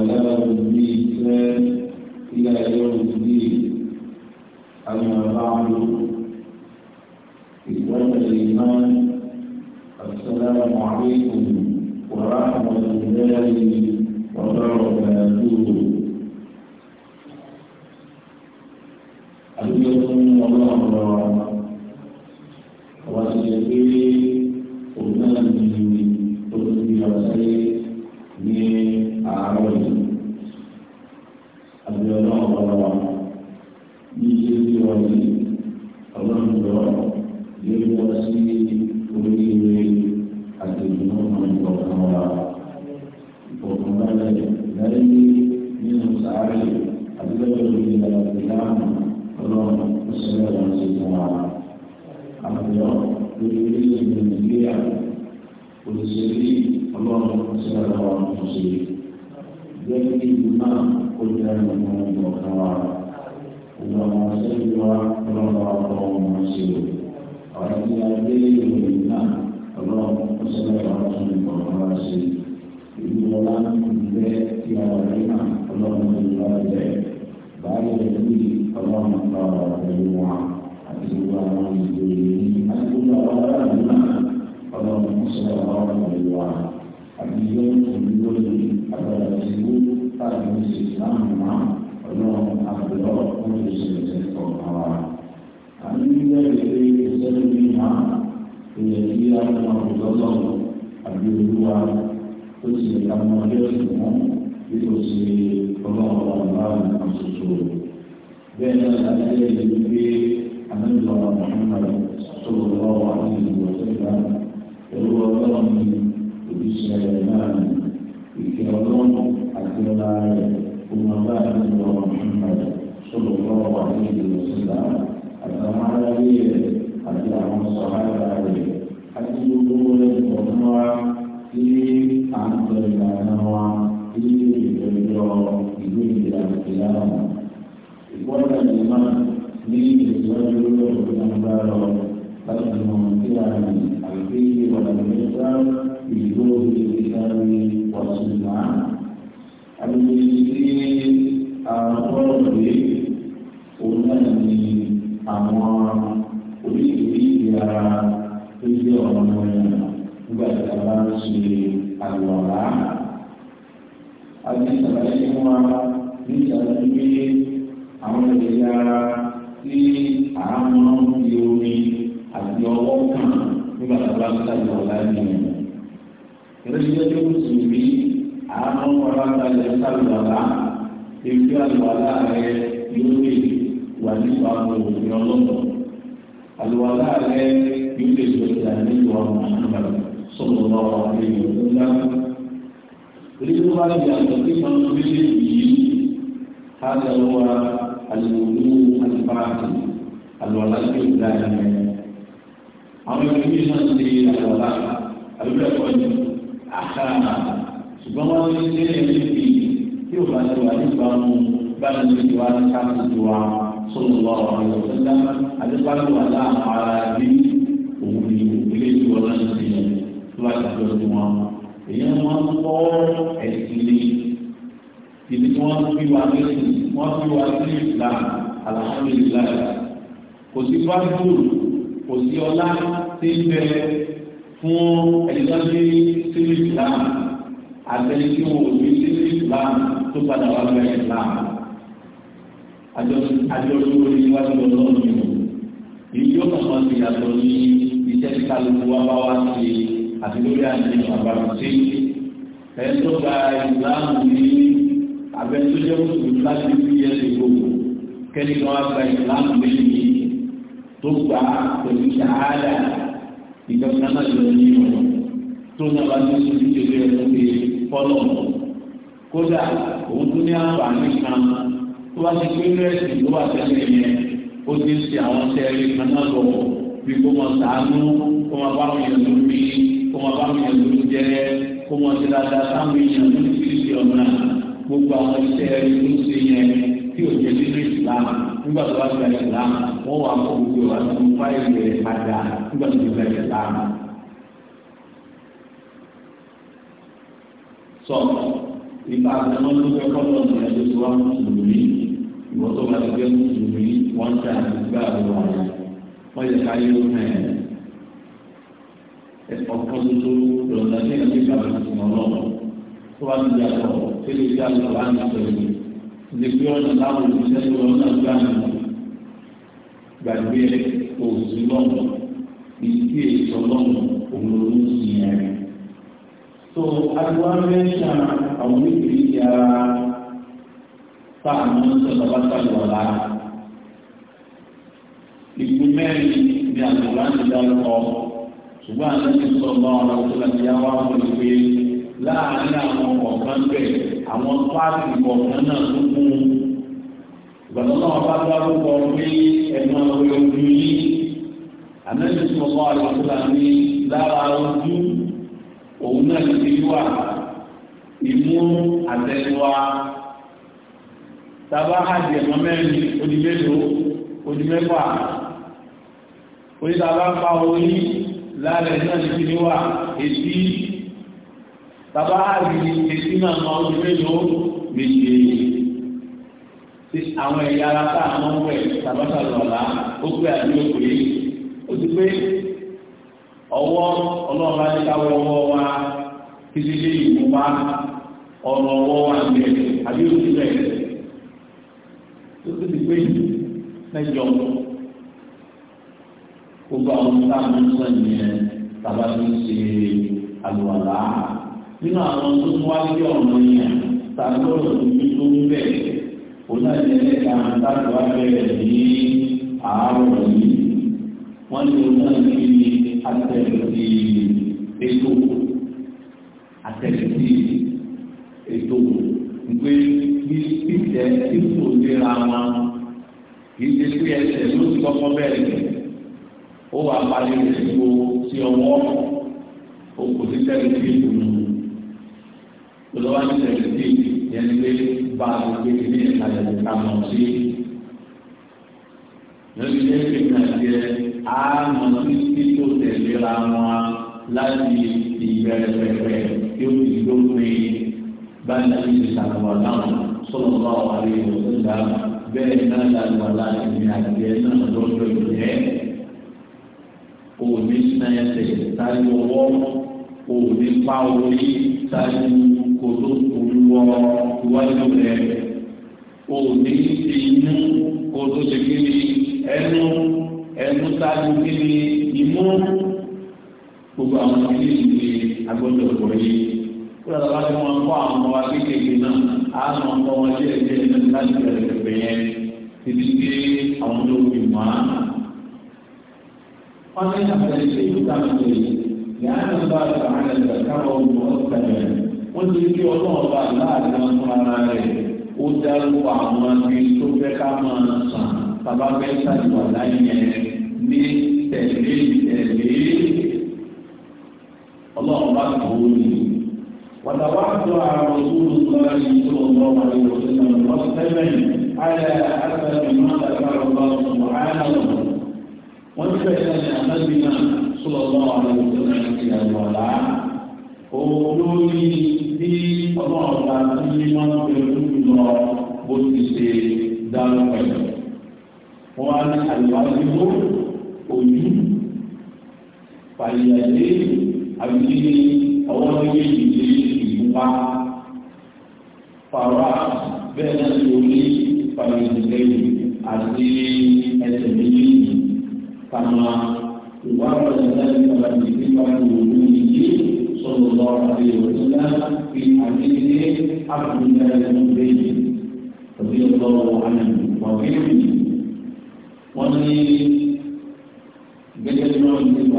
وبلغ الميزان إلى يوم الدين أما بعد إخوة الإيمان السلام عليكم ورحمة الله وبركاته sílẹ̀ lọ́wọ́ tó ṣe gẹ́gẹ́ bí ìlú náà ó jẹ́ ọmọ ọ̀kan wa ìlú ọmọ sẹ́yìn wa ọlọ́wọ́ ọlọ́wọ́ wọn ṣe o àwọn tí a gbé ìròyìn náà ọlọ́wọ́ tó sílẹ̀ lọ́wọ́ tó ṣe ọ̀kan wa ṣe ìlú ọlá ìgbẹ́ tí a wà ní náà ọlọ́wọ́ tó ṣe wá bẹ́ẹ̀ báyìí rẹ̀ bí ọlọ́wọ́ tó ṣe wá bẹ́ẹ̀ wá àti gbogbo àwọn ìgbèrè ní àti gbogbo àwọn ará ìlú náà ọlọ́wọ́ tó ṣe wá bẹ́ẹ̀ wá àbíyọ́nù lórí àgbàdo ìlú tàbí oṣù láàmú wá ọlọ́run àbúrò fún oṣù rẹ̀ kọ̀ọ̀kan wa. àmì bẹ́ẹ̀ pé ìṣẹ́lẹ̀ mi máa èèyàn kí á mọ òtọ́tọ̀ àbí olúwa ó sì ká mọ ọjọ́ ìṣùwọ̀n bí kò sí ọlọ́run ọba nǹkan ṣoṣo. bẹ́ẹ̀ náà láti lè rí pé àmì ìlọ́wọ́ Muhammad sọ̀rọ̀ lọ́wọ́ àti ìwọ̀sẹ̀ náà ẹ̀rọ ọlọ́run ní سليمان إكرام أكرام أمبان محمد صلى الله عليه وسلم أكرم عليه أكرم الصحابة عليه حتى يقول الأمة في عن سليمانها في الجوار يقول القيامة يقول الإمام ليه الرجل الأنبار قدم من الفيل ولم يزال gbọ́dọ̀ gbé òun náà ní àwọn oríṣiríṣi ara tó jẹ́ ọ̀rọ̀ ẹ̀ nígbà tí a bá ń ṣe àlọ́lá. Àti ìṣàlàyé fún wa ní ìṣàlàyé pé àwọn ẹ̀yà ara tí a máa ń fi omi àti ọwọ́ kàn nígbà tí a bá ń ṣàlọ́lá nìyẹn. Ìrẹsì jẹ́ pé kò sì rí àánú ọ̀rá balẹ̀ ṣàlọ́lá èyí àlùwàlá rẹ yóò lè wà nípa òfin ọlọ́dọ̀ àlùwàlá rẹ yóò lè sọ ìdá nípa ọmọ sọ̀rọ̀ lọ́wọ́ àlejò tó ń dáná. Èyí tó bá di àjọ tí wọ́n ń gbé yìí á lọ wá àlùwàlú àlùbáàdì àlùwàlá tí ó dá ẹ̀ àwọn ẹgbẹ́ yìí náà ti àlùwàlá àlùbẹ̀kọ́ ni àkàrà ṣùgbọ́n wọ́n ti ń tẹ́lẹ̀ ní tí ó bá ti wà nípa mu báyìí ló ti wá ní káàkiri ti wá sọ̀rọ̀ wá wà ní ọ̀sẹ̀dá àdébáyọ̀ wà láàmú ara bí òun ni òkèlè tí wọ́n náà ti yẹn tó bá ti jọ sí wọn. èèyàn máa ń kọ́ ẹ̀sìn ní ibi tí wọ́n fi wá lẹ́sìn wọ́n fi wá sí ìlànà alhamdulilayi kò sí fáfúrú kò sí ọlá tí ń bẹ fún ẹ̀dínlọ́dún sí ìlànà àtẹnudí wọn ò ní sí ìlànà tó padà wá lọ islam àjọṣe oníwájú ọlọ́run yìí èyí yóò kàn sí yàtọ̀ ní iṣẹ́ tí kálukú wá bá wá sí àti lórí àjẹyàn àbáwọ̀sí ẹni tó gba islam ní abẹ́tọ́jọ́ mùsùlùmí láti fi yẹ lè gbogbo kẹ́ni kan wá gba islam lẹ́yìn tó gbà pẹ̀lú ṣàhádà ìgbàgbọ́n náà lọ ní tó náà bá ní oṣù tó lé ẹ̀rọ pé fọ́lọ́ọ̀mù. kódà òun tún ní àǹfààní kan tó bá ti pé rẹ́sì tó bá tẹ́lẹ̀ yẹn ó ti ṣe àwọn tẹ́lẹ̀ kan náà lọ bí kó mọ sàánú kó mọ bá wọn yẹn lórí kó mọ bá wọn yẹn lórí jẹ kó mọ ti dáadáa sáwọn èèyàn lórí títí ọ̀nà gbogbo àwọn iṣẹ́ ẹni tó ṣe yẹn tí ò jẹ́ nínú nígbà tó bá wọ́n wà gbogbo wa nípa àtẹnumọ́ tó fẹ́ kọ́ lọ́nà ẹ̀jẹ̀ tó wá mùsùlùmí ìwọ́n tó bá ti fẹ́ mùsùlùmí wọ́n ṣe àdúgbà lọ́wọ́ rẹ̀ wọ́n yẹ ká yóò hẹ̀ ẹ̀kọ́ kan tó lọ́nà ní ẹ̀jẹ̀ kàwé ìsìn ọlọ́run tó wá ti yàtọ̀ tó lè dá lọ wá ní pẹ̀lú ní pé ọ̀nà táwọn òṣìṣẹ́ tó lọ́nà gbà ní gbàgbé òṣìṣẹ́ lọ́nà ìdí tó agbára mẹ́ta àwọn ìbílẹ̀ yàrá tá a mọ̀ sọ̀rọ̀ bá sọ̀rọ̀ ọ̀la. Ìlú mẹ́rin ni àgbàlá ti dárúkọ. Ṣùgbọ́n àti ti sọ bá ọ̀rọ̀ tó láti yá wá fún ìwé láàárín àwọn kọ̀ọ̀kan bẹ̀ àwọn páàkì kọ̀ọ̀kan náà tó kún. Ìgbàlọ́ náà bá dárúkọ pé ẹ̀gbọ́n orí ojú yìí. Àmẹ́rin sọ̀rọ̀ bá ọ̀rọ̀ tó lára ojú òun náà ti fi wà ìmú àtẹnuwa tàbá hajj ẹ̀mọ́ mẹ́rin odi mélòó odi mẹ́fà orí tàbá ń pa orí lára ẹ̀ náà ti fi wà etí tàbá hajj etí náà ma odi mélòó méje tí àwọn ẹ̀yà ara tá àwọn ọmọ ẹ̀ tàbá sàlọ̀ ó pé àbí pé ó ti pé ọwọ́ ọlọ́run bá ní káwọ́ ọwọ́ wa títí dé ìlú wa ọ̀nà ọwọ́ wa ń bẹ̀ àbí òsì bẹ̀ tó ti pé mẹ́jọ gbogbo àwọn tá a máa ń sọ ìyẹn tàbá tó ń ṣe àlùwàlá nínú àwọn tó tún wá ọ̀nà yẹn tàbí ọ̀nà tó ń bẹ̀ onáyẹlẹ kan táwọn wá bẹ̀rẹ̀ ní àárọ̀ yìí wọ́n ní onáyẹlẹ atẹ̀lẹ̀ sí ètò atẹ̀lẹ̀ sí ètò nígbè ní ìtẹ̀ ìfò léra wọn kì í ṣe pé ẹsẹ̀ ló ti kọ́kọ́ bẹ̀rẹ̀ ó wà parí rẹ̀ tó sí ọwọ́ òkú sí tẹ̀lẹ̀ sí ètò nù lọ́wọ́ ní tẹ̀lẹ̀ sí yẹn ní pé bá a lè gbé ní ìtajà tó ká mọ̀ sí lórí ẹgbẹ́ náà jẹ́ àmọ́ sí títí tẹ̀léra wọn láti ìbẹ̀rẹ̀ pẹ̀pẹ̀ tí ó ti dópin báyìí láti ìsàlùwà náà sọ̀rọ̀ bá wà lè wọ̀ síta bẹ́ẹ̀ náà làlùwà láti ní àgbẹ̀ náà lọ́jọ́ ìjẹ́ òní sinayẹsẹ̀ táyé ọwọ́ òní pa orí táyé kòtò olúwọ́ iwájú rẹ̀ òní ti inú kòtò ṣèkìrì ẹnu ẹnu sáájú kí ni ìmú gbogbo àwọn ilé ìwé agbọ́dọ̀ ọ̀pọ̀ yìí kó lọ́dọ̀ bá ti wọn kọ́ àwọn ọmọ wa kéékèèké náà á mọ̀ ọmọ wọn díẹ̀ díẹ̀ láti bẹ̀rẹ̀ pẹ̀pẹ̀ yẹn títí dé àwọn tó fi mọ́ á. wọ́n ní àpẹẹrẹ ṣe ìgbà tó yìí yàrá bá àwọn ẹ̀ka káwọn ọmọ ọ̀sẹ̀ rẹ̀ ti fi ọlọ́run bá láàrin ọmọ ara rẹ̀ ó dárúkọ àwọn ẹni tó fẹ́ ká máa sàn tàbá fẹ́ sàdùwà láyé yẹn ní tẹ̀lé tẹ̀lé ọlọ́run bá tó o ní. Wàtàwá tó àwọn òṣùwò tó bá yí tó o lọ wà lórí òṣèlú náà lọ sẹ́lẹ̀ ayé àtàlẹ́ máa dàgbà lọ́wọ́ ọ̀sùn àyà lọ. Wọ́n ti bẹ̀rẹ̀ ní àtàlẹ́ náà tó lọ lọ́wọ́ àwọn òṣèlú náà ti àgbọ̀ lá. Olórí bí ọlọ́run bá tó ní máa ń pè lójú lọ bó ti ṣe dáná pẹ̀lú. Wọ́n á ní àlùfáà ojú fàyàdé àbí àwọn méjèèjì lè ìgbà fara bẹ́ẹ̀ náà ló ní fàyàdé lẹ́yìn àti ẹsẹ̀ méjèèjì kàmá ìwà ọ̀rọ̀ lẹ́yìn fàyàdé nípa ìwòlú yìí sọ̀rọ̀ lọ́wọ́ àti ìwòlú náà fi àdéhìé àbúrò ẹ̀sùn lẹ́yìn òbí ọ̀dọ́ wọn àná wọ́n ní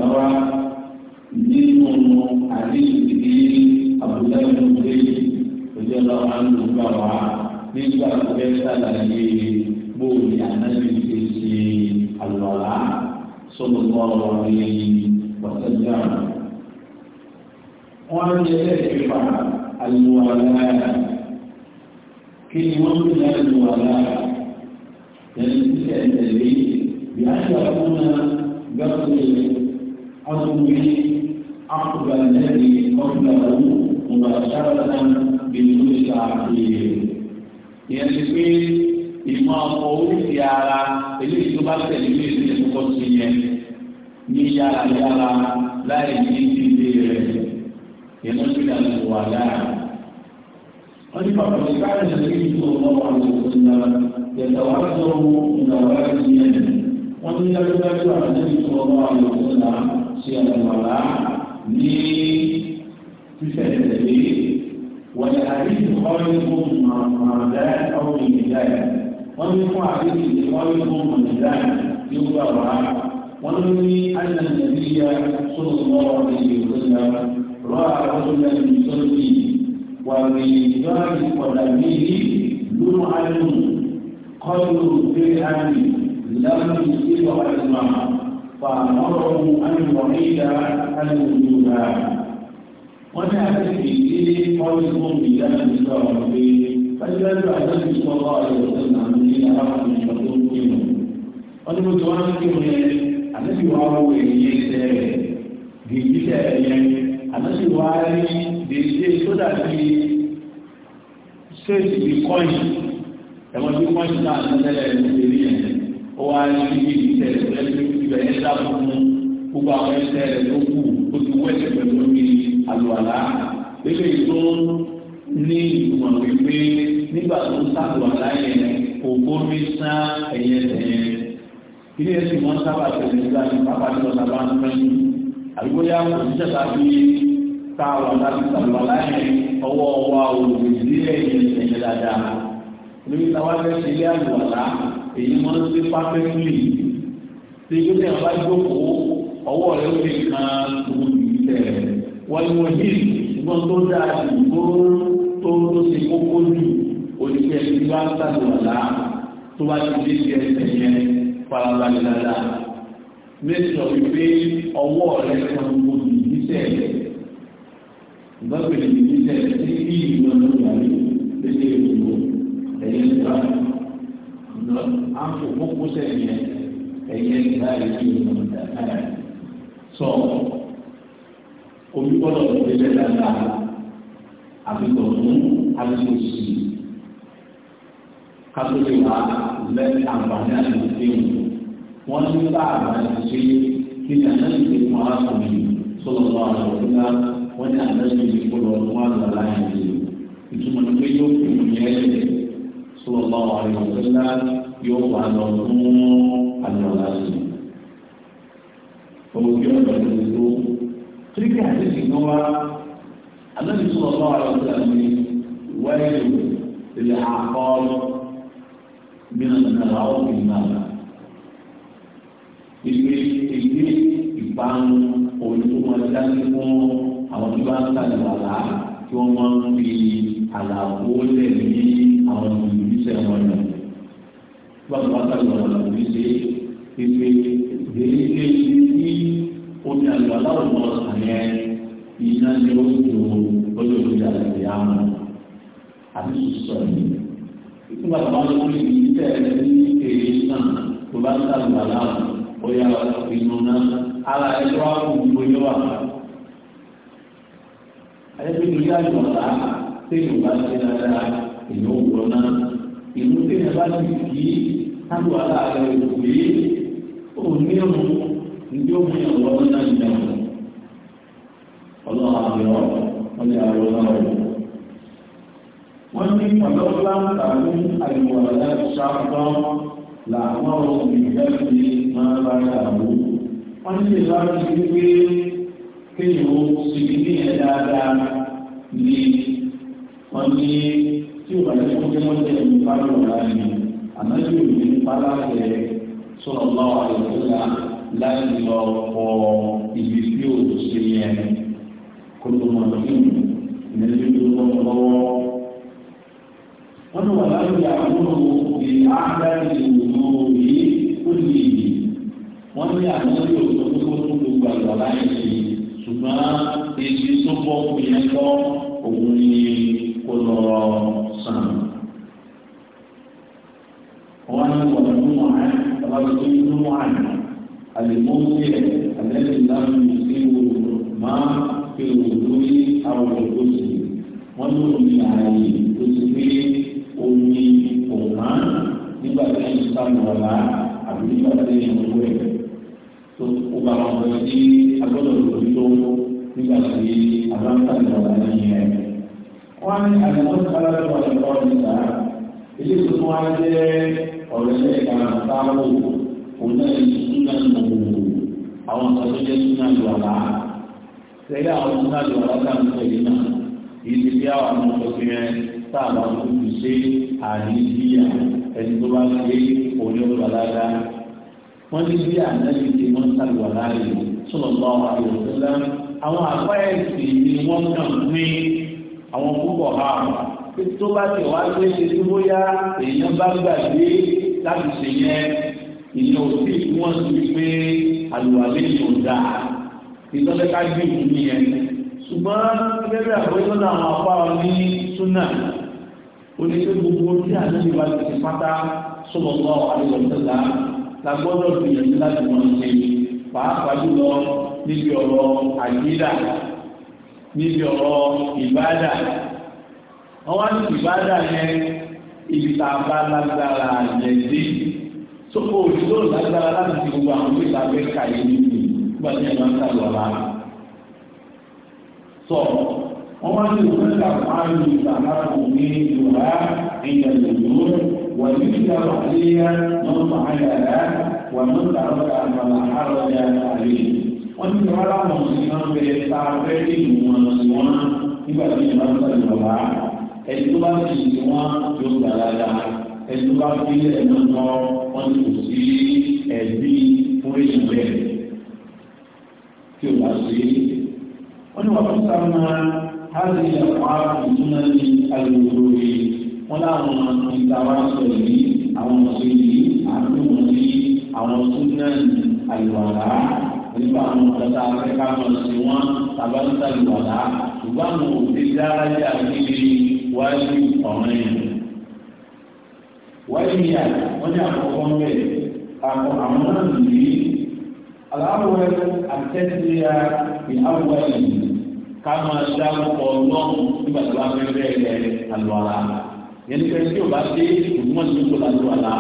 ìgbàwá nínú àdéhùn ní àbúlá ìmúlẹ̀ òjò lọ́wọ́ àlùkò wa nígbà tó fẹ́ sàlàyé bóòlì ànábì ṣe ṣe àlùwàlá sọ̀rọ̀ lọ́wọ́ ní wàsánjà. wọ́n á yẹ lẹ́ẹ̀kẹfà àlùwàlá kí ni wọ́n ń pè ní àlùwàlá yẹn bí a ṣe àkóńná gbàgbé. أصبري أقبل الذي قبله مباشرة بكل تعبير yẹnni pé ìmọ̀ ọkọ̀ oríṣi ara eléyìí tó bá tẹ̀lé ní ìdílé kọ́kọ́ sí yẹn ní yára yára láì ní ìdílé rẹ̀ yẹn ló ti dàgbà wà lára. wọ́n ní bàbá mi káyọ̀ wọ́n wà ní ìdílé yẹ̀tọ̀ wá tó wọ́n ṣe àlùwàlá ní sísẹ̀tẹ̀lé wọ́n àdéhùn ọ̀rẹ́ fún màmàdá ọ̀rẹ́ ìdáyà wọ́n ní fún àdéhùn ọ̀rẹ́ fún màmàdá tí ó gbà wá wọ́n ní ànàmìyà sọ̀rọ̀ ọ̀rẹ́ ìgbésẹ̀ rọ́ àrọ́sọ̀rọ̀ ìgbésẹ̀ wàmí ìgbàlè ọ̀dàmìlì lóun àlùm kọ́lù bẹ́ẹ̀ àmì lámì ìgbésẹ̀ ọ̀rẹ́ màmá. فأمرهم أن يعيد الوجود wọ́n ní àtẹ̀kì tí wọ́n ti fún mi lẹ́nu nígbà wọn pé ẹgbẹ́rún àtẹ̀kì tí wọ́n bá ọ̀rọ̀ ọ̀sẹ̀ náà ní arákùnrin ìjọ tó ń kí ṣe rẹ̀ gègé ṣe rẹ̀ ó wá rí gègé ṣe rẹ̀ ibẹ̀ yẹn dábò fún gbogbo àwọn ẹsẹ̀ rẹ̀ ló kù ó ti wọ́ ẹsẹ̀ pẹ̀lú omi àlùwàlá eléyìí tó ní ìgbìmọ̀ wípé nígbà tó ń sàlùwàlá yẹn kò bómi sán ẹ̀yẹ tẹ̀yẹ ilé ẹ̀sìn wọn sábà tẹ̀lé nígbà tí pápá tí wọn sábà ń pẹ́ àdúgbò yá kò ní sẹ́ta bí ká wà láti sàlùwàlá yẹn ọwọ́ wa ò lè sí ẹ̀yẹ tẹ̀yẹ dáadáa ṣe tẹ̀ bá jókòó ọwọ́ rẹ̀ ó lè kan gbogbo ìgbìtẹ̀ rẹ̀ wọ́n ní wọ́n tó dáa jù tó tó tó ṣe kókó jù oníṣẹ́ ẹni bá ń sàlùwàlá tó bá ti dé ti ẹsẹ̀ yẹn farabalẹ̀ dáadáa mẹ́sàn wípé ọwọ́ rẹ̀ kan gbogbo ìgbìtẹ̀ rẹ̀ ìbáwí ni ìgbésẹ̀ tí kí ìwọ̀n ló wà ní lédè ìwòwò ẹ̀yẹ ìgbà àpò mọ́kúsẹ̀ yẹn ẹ̀yẹ láì fi ìmọ̀ ìdáná rẹ̀ sọ omi gbọ́dọ̀ ìdílé dáadáa àbíkọ̀ fún àbíkọ̀ sí i kátólì wa lẹ́ àǹfààní àti ìdílé wọn ní bá àbáyé ṣe kí ní àná ìdílé wọn á sọ mi sọlọ lọ àwọn ọ̀dọ́gba wọn ní àná ìdílé kó lọ wọn àgbà láyé ìdílé ìtumọ̀ ní yóò fi mú yẹn sọlọ lọ àwọn ọ̀dọ́gba yóò wà lọ fún àjọ̀lá sí i. Òmùgbé ọ̀dọ̀ ti ti tó. Tíríkì àti ìsìnkú wa, àlọ́bí tó ọ̀pọ̀ àwọn ọ̀dọ́ àmì wáyé ìlẹ̀ àkọọ́lọ́ gbìnà nàrà ọ̀gbìn náà. Ìgbé ìgbé ìpanu olùkọ́mọdé fún àwọn tí bá ń tàlẹ̀ wà láà tí wọ́n máa ń fi àlàbó lẹ̀ ní àwọn olùdíṣẹ́ wọn náà pátápátá ìwọ̀n àwọn ìṣe pípé èyí lé ní omi àgbà láwùjọ ọ̀sán yẹn iná ni ó ju olóògbé àgbẹ̀ àmọ́ àti sùsọ yìí. nígbà tó wọn lórí ìdí tẹ ẹ ní èyí náà tó bá ń sàgbà láwùjọ ó yà wá inú náà ara ẹ tó wà kó gbogbo yóò wà. ayẹyẹ ìlú yà jọ ta téèyàn bá ti dáadáa èèyàn ò gbọ́ náà ìlú téèyàn bá ti kì í sábò aláàárẹ̀ òkú yìí ó ní òun ní òun yàn lọ́wọ́ náà ní àwọn ọlọ́run àbẹ̀wọ̀ wọ́n lè àrò náà wọ̀. wọ́n ní ọ̀dọ́ láǹtà ní àìwọ̀ ọ̀dà ṣáàtọ́ làwọn olùdíjẹ́sì máa bá yàgò. wọ́n ní ìlànà ìgbé kéèyàn ó sì ní ẹ̀ dáadáa ní wọ́n ní tí ò bá yẹ kó jẹ́ wọ́n jẹ́ ìbáraẹ̀wọ̀ láàyè ànájú mi pálákẹ́ sọ̀rọ̀ náà àlùfáà láì lọ pọ̀ ibi tí ò ṣe yẹn kó tó mọ̀ sí ìnájú tó lọ lọ́wọ́. wọ́n tún wà láti àbúrò ìlú àgbáyé ìlú yìí ó lè yìí wọ́n ní ànájú òkú tó tó gbogbo àgbà láì ṣe ṣùgbọ́n èyí tó bọ́ òkú yẹn lọ òun ni kó lọ sàn. الرحمن والمنوع والمنوع المنزل الذي لم يصيبه ما في الوجود أو الغسل ونور عليه تسمي أمي أمان nígbà tí wọ́n sáré wọlá àbí nígbà tí wọ́n wọ ẹ̀ tó o bá wọn bọ̀ sí agbọ́dọ̀ lórí tó nígbà tí aláǹtàlẹ̀ wọlá ní ẹ̀. wọ́n á ní àgbẹ̀wọ́n ẹ̀kọ́ ọ̀dùnkà ilé tuntun wa jẹ́ ọ̀rọ̀ ẹlẹ́ẹ̀ka táwọ̀ òun náà ní súnà gbogbo àwọn ọ̀sán jẹ́ súnà lọ́la tẹ́lẹ̀ àwọn súnà lọ́la táwọn tẹ̀lé náà yìí ti bí àwọn ọmọ tuntun yẹn táwọn tuntun ṣe àríyíyà ẹni tó bá ṣe òun yóò lọ́la dá wọ́n ti bí ànábi ti wọ́n sàlùwà láàyè sọ̀rọ̀ lọ́wọ́ àyọ̀sọ́lá àwọn àpáyẹ̀sì ni wọ́n kàn pín àwọn púpọ̀ ha tó bá ti wá gbé ṣe tó bóyá èèyàn bá gbàgbé láti ṣe yẹn ìyẹn òbí wọn ti pé àlùwalẹ̀ yìí ò dáa ìtọ́lẹ́ká gbé ìlú nìyẹn ṣùgbọ́n gẹ́gẹ́ àpòyítọ́nà àwọn apá wa ní súnà oníṣẹ́ gbogbo tí àlejò bá ti pátá sọ̀rọ̀ àlejòtọ́lá la gbọ́dọ̀ gbìyànjú láti wọ́n ṣe pàápàá jùlọ níbi ọ̀rọ̀ àyídà níbi ọ̀rọ̀ ìbádà wọ́n wá ní ìbádà yẹn ibi tá a bá lágbára yẹn dé sókò òṣìṣẹ́ ò lágbára láti fi gbogbo àwọn ìwé ìtàgbẹ́ kà yé nínú nígbà tí ẹ̀ máa ń sàlọ̀ lára sọ wọ́n wá ní òun ká máa ń lu ìsàmára kò ní ìlúra ìyẹn lòlú wọ́n ní ìjà wàlíyá wọ́n máa ń yàrá wọ́n ní ìjà wàlíyá àmàlà àrọ̀ yà àlè wọ́n ní ìjọba láwọn òṣìṣẹ́ wọn bẹ̀rẹ̀ tá a fẹ́ dé ìwọ̀n wọn nígbà tí ẹ̀ máa ń sàlọ̀ lára ẹni tó bá fi ìdí wọn yóò gbà dáadáa ẹni tó bá fi ẹnu mọ wọn ti kò sí ẹbí fún èèyàn bẹ́ẹ̀ tí o bá ṣe é wọn ni wọn fún sáwọn hali ẹ̀kọ́ ìtúná ní alùpùpù rẹ̀ wọn láwọn ìtawà sọ yìí àwọn ọ̀sẹ̀ yìí àdúgbò ní àwọn súnà àlùwàlá nípa àwọn ọ̀sẹ̀ akẹ́kọ̀ọ́ sí wọn tàbá ń ta àlùwàlá ṣùgbọ́n àwọn òbí dára jẹ́ àgbègbè yìí wáyé ọ̀ràn yẹn wáyé yà wọ́n ní àkọ́kọ́ ń bẹ̀ àkọ́ àwọn náà nìyí aláwọ̀ àtẹ́síyà ní àwọ̀ yìí ká máa dárúkọ náà nígbà tí wọ́n fẹ́ bẹ́ẹ̀ àlọ́ àlá yẹn ní pẹ́ẹ́sì ò bá dé ìgbìmọ̀ nígbà tó lálọ́ àlá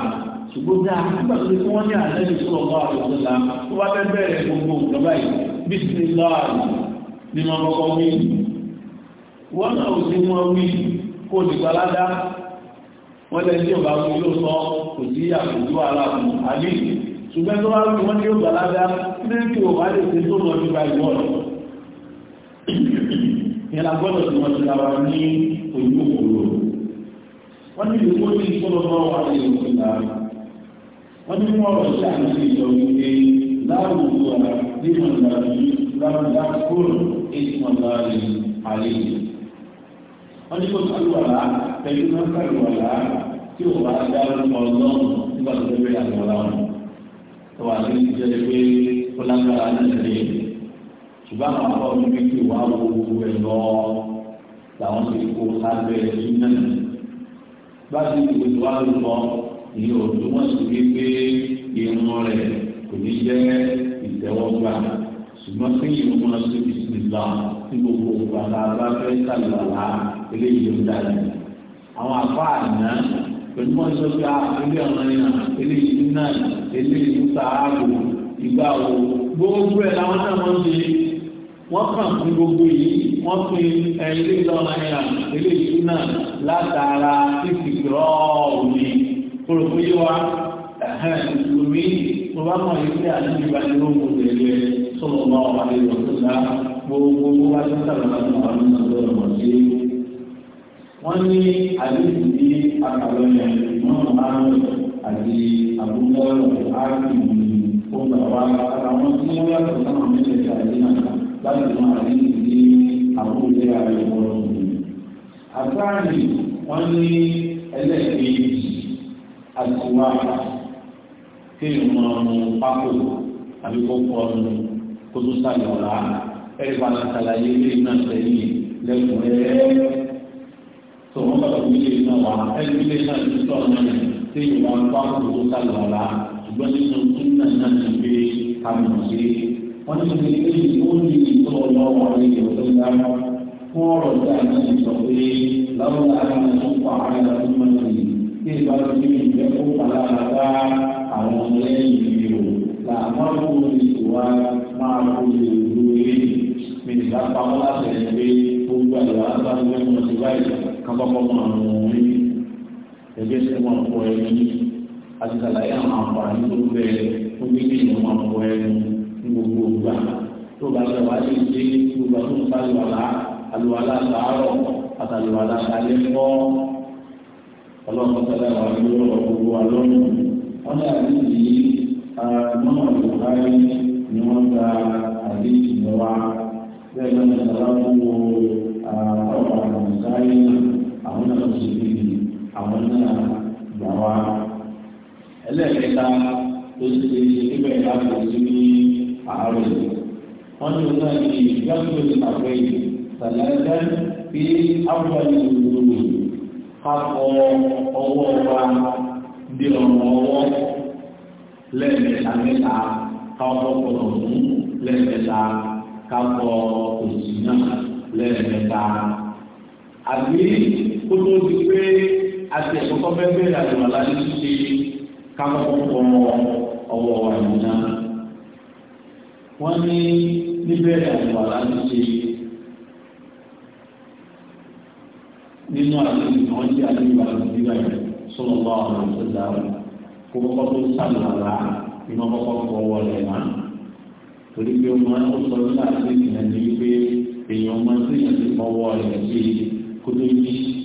ṣùgbọ́n dáa nígbà tó fún wọn ní àlejò tó lọ́wọ́ àlùfọ́lá tó bá fẹ́ bẹ̀rẹ̀ gbogbo nǹkan báyìí bísí láàrú ni wọn kọ́kọ́ wí wọn náà ò sí wọn wí kó o sì gbalada wọ́n lẹ́yìn tí ọba fún yóò sọ kò sí àkójú ara fún àbí ṣùgbọ́n tó wá rí wọ́n tí ó gbalada ní kí o bá lè ṣe tó lọ sí ba ìwọ́ rẹ̀ ìyẹn la gbọ́dọ̀ tí wọ́n ti ra wa ní ojú òkúrò wọ́n ní ìlú wọ́n ti sọ̀rọ̀ náà wà ní ìlú ìlà wọ́n ní wọ́n rọ̀ sí àmì ìjọ wípé láàrúgbó ara nínú wọ́n ní kò sálùwàlá pẹ̀lú náà sálùwàlá tí ò bá dá ọlọ́run nígbà tó fẹ́ bẹ̀rẹ̀ àlùwàlá wọn. tó wà ní ìjẹ́ pé ó lágbára náà lè ṣùgbọ́n àwọn akọ́ mi bí kí wà á wo gbogbo ẹ̀ lọ làwọn ti kó sábẹ́ ẹ̀sùn náà. bá a ti kò tó wá lọ ìyẹn ò tó wọ́n sì wípé irun rẹ̀ kò ní jẹ́ ìtẹ́wọ́gbà ṣùgbọ́n kí irun wọn sí bisimilá ní gbogbo ìgbà tá a bá fẹ́ sàlùwàlá eléyìí ló dára ní. àwọn àfa àná pẹ̀lú wọn sọ pé ilé ọ̀nà yẹn eléyìí ní náà eléyìí ń ta ààbò ìgbà wo gbogbo ẹ̀ làwọn náà wọ́n ṣe wọ́n kàn fún gbogbo yìí wọ́n fi eléyìí lọ́nà yẹn eléyìí náà látara fífìrọ́ òní kúròkúyé wa ẹ̀hẹ́n mo bá mọ̀ yìí pé àdúgbò bá ní gbogbo ìrẹ̀lẹ̀ sọ̀rọ̀ bá wà lórí ọ̀tún náà gbogbo bá ti ń sàrọ̀ láti wà lórí ọ̀tún náà wọ́n ní àdéhùn bí akàlọ́ ní àdéhùn náà àti àbúgbọ́ ààrùn ní ọgbà wa àwọn tí wọ́n yàtọ̀ sáwọn mẹ́tẹ̀ẹ̀ta àdéhùn láti mọ àdéhùn bí àbúgbé àdéhùn ọ̀hún. àtàrí wọ́n ní ẹlẹ́ẹ̀kejì àtiwá kéèyàn mọ ọmọ pákó àbí kókó ọmọ kó tó sàlọ̀ rà ẹ̀rí wa ṣàlàyé lẹ́yìn náà sẹ́yìn lẹ́kùnrin rẹ̀ gbọ́dọ̀ wílé náà wá ẹni wílé náà ti tọ́ náà yẹn tí ìwà ń bá gbogbo sálọ ọ̀la ṣùgbọ́n nínú túnà náà ti gbé kàmù sí i. wọ́n ti fi eléyìí ó ní ìtọ́ ọlọ́wọ́ ilé ọ̀tọ́ ìdáná fún ọ̀rọ̀ tí a ti sọ pé láwọn aráàlú tó pa ara tó mọ̀ sí i tí ìbá tó fi ìfẹ́ kó palára bá àwọn ọmọlẹ́yìn ìlú o làwọn kò ní ìwà máa kó lè lu eré mi nígbà pamọ́ láti ẹ̀ pé gbogbo àlọ́ àgbà tó mọ̀ sí báyìí kan bá kọ́kọ́ àwọn orin ẹgbẹ́ tí wọ́n kọ́ ẹni àti sàlàyé àwọn àǹfààní tó bẹ tó bí kí ni wọ́n kọ́ ẹni ní gbogbo ìgbà tó bá ṣe wá sí ṣe gbogbo tó ń sálùwàlá àlùwàlá sàárọ̀ àtàlùwàlá sàlẹ̀ kọ́ ọlọ́run sọlá wà lórí ọ̀rọ̀ gbogbo wa lọ́rùn wọ́n ní àdéhùn yìí mọ́nà ìwáyé ni wọ́n gba àdéhùn ìwá bẹ́ẹ̀ lọ́nà ìsàlámù ọ̀rọ̀ àmì àwọn náà ti fi àwọn náà gbà wá. ẹlẹ́ẹ̀kẹta ló ti ṣe níbẹ̀ láti sí ní àárọ̀ wọ́n ní ọ̀nà ìdí ìgbàgbọ́ ti pàpẹ́ yìí sàlẹ́dẹ́ bí áwùjáde ìlú kápọ̀ ọwọ́ wa bí ọ̀nà ọwọ́ lẹ́ẹ̀mẹ́ta mẹ́ta káwọ́ pọ̀lọ̀ fún lẹ́ẹ̀mẹ́ta káwọ́ òsì náà lẹ́ẹ̀mẹ́ta àbí kó tó di pé àti ẹ̀kọ́kọ́ fẹ́ bẹ̀rẹ̀ àdùnnà láti ṣe kákọ́kọ́ fọ ọwọ́ wa nìyá. wọ́n ní níbẹ̀rẹ̀ àdùnnà láti ṣe nínú àdúgbò náà jẹ́ àdúgbò àdúgbò yẹn sọ̀rọ̀ bá ọ̀rọ̀ tó dára kó kọ́kọ́ tó sàlùwàlà ìmọ̀ kọ́kọ́ fọ ọwọ́ rẹ̀ náà torí pé ọmọ ó sọ nígbà tí ìyẹn ti wípé èèyàn máa ń sèyàn ti fọwọ́ rẹ̀ sí kótó yìí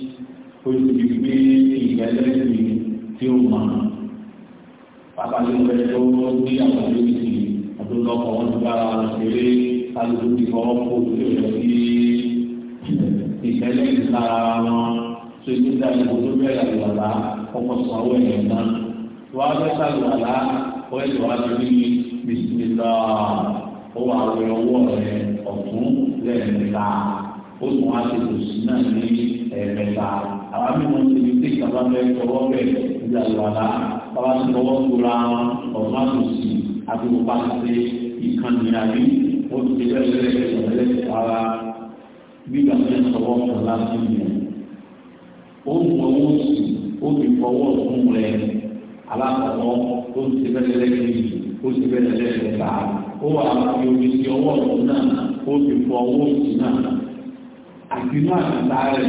ó ti di pé ìgbẹ́lẹ́sìn tí ó mọ̀ pápá ló ń bẹ tó ní àwọn olóòtú ọdún lọ́kọ̀ wọn ti bára wọn ṣeré kálukú ti kọ́ kó tó yẹ sí ìgbẹ́lẹ́sìn lára wọn tó ti dá ìbò tó bẹ̀rẹ̀ àlùwàlá ọkọ̀ sanwó ẹ̀yẹ̀ náà wàá bẹ́ sàlùwàlá ó ẹ̀jẹ̀ wá lórí bisimilá ó wà wẹ ọwọ́ rẹ ọ̀tún lẹ́ẹ̀mẹ́ta ó tún wá ti tòsí náà ní ẹ̀ẹ̀mẹ́ta àwọn mímọ ti di pé ìjọba bẹ́ẹ̀ tọwọ́ bẹ́ẹ̀ ìjà ìwàlá bàbá ti tọwọ́ tóra ọ̀gbọ́n àtòsí àti bàbá ti ṣe ìkànnì àbí ó ti ṣe bẹ́ẹ̀ lẹ́lẹ́ ìṣọ̀lẹ́lẹ́ ara bí ìgbà tó ń tọwọ́ kan láti yẹn. ó ń fọwọ́ sí ó fi fọwọ́ fún rẹ̀ alákọ̀ọ́ ó ti ṣe bẹ́ẹ̀ lẹ́lẹ́ ó ti bẹ́ẹ̀ lẹ́lẹ́ ìta ó wà fi omi sí ọwọ́ ọ̀tún náà ó fi fọwọ́ sí náà àti náà ti sáré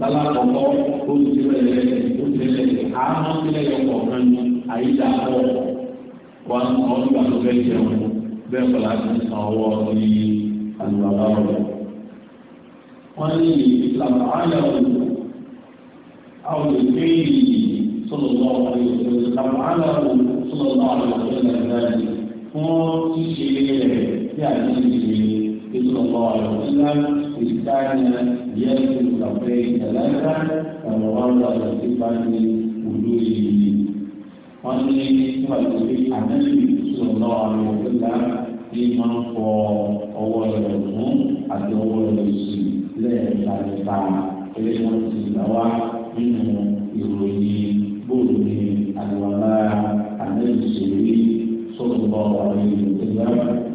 lálá kọ̀kọ́ ó ti tẹ̀lé lẹ́yìn ó ti tẹ̀lé lẹ́yìn àmọ́ tẹ̀lé yẹn kọ̀ kan ní àyíká pọ̀ wá àwọn ìgbà tó fẹ́ jẹun bẹ́ẹ̀ kọ́ láti san ọwọ́ ní àlùbáwá rẹ̀. wọ́n ní ìlànà àyà òkú àwọn òfin sọ̀rọ̀ lọ́wọ́ àwọn ìlànà àyà òkú sọ̀rọ̀ lọ́wọ́ àwọn òfin ìlànà wọ́n ti ṣe rẹ̀ bí àdéhùn ìṣe ètò ọ̀pọ̀ ọ̀rọ̀ nígbà ليجد الكفين ثلاثة كما ورد على صفة وجود wọ́n ní nígbà tó fi ànábì sọ̀rọ̀ àwọn òkúta ní máa ń fọ ọwọ́ rẹ̀ fún àti ọwọ́ rẹ̀ sí lẹ́ẹ̀ka lẹ́ka ẹgbẹ́ wọn ti gbà wá nínú ìròyìn bóòlù ní àlùwàlá ànábì sọ̀rọ̀ sọ̀rọ̀ bá wà ní òkúta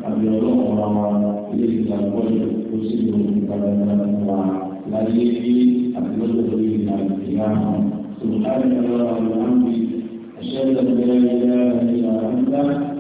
àbí ọlọ́run wa ilé ìgbàgbọ́ yìí ó sì lè عليه أبلغه من القيامة سبحانك اللهم وبحمدك أشهد أن لا إله إلا أنت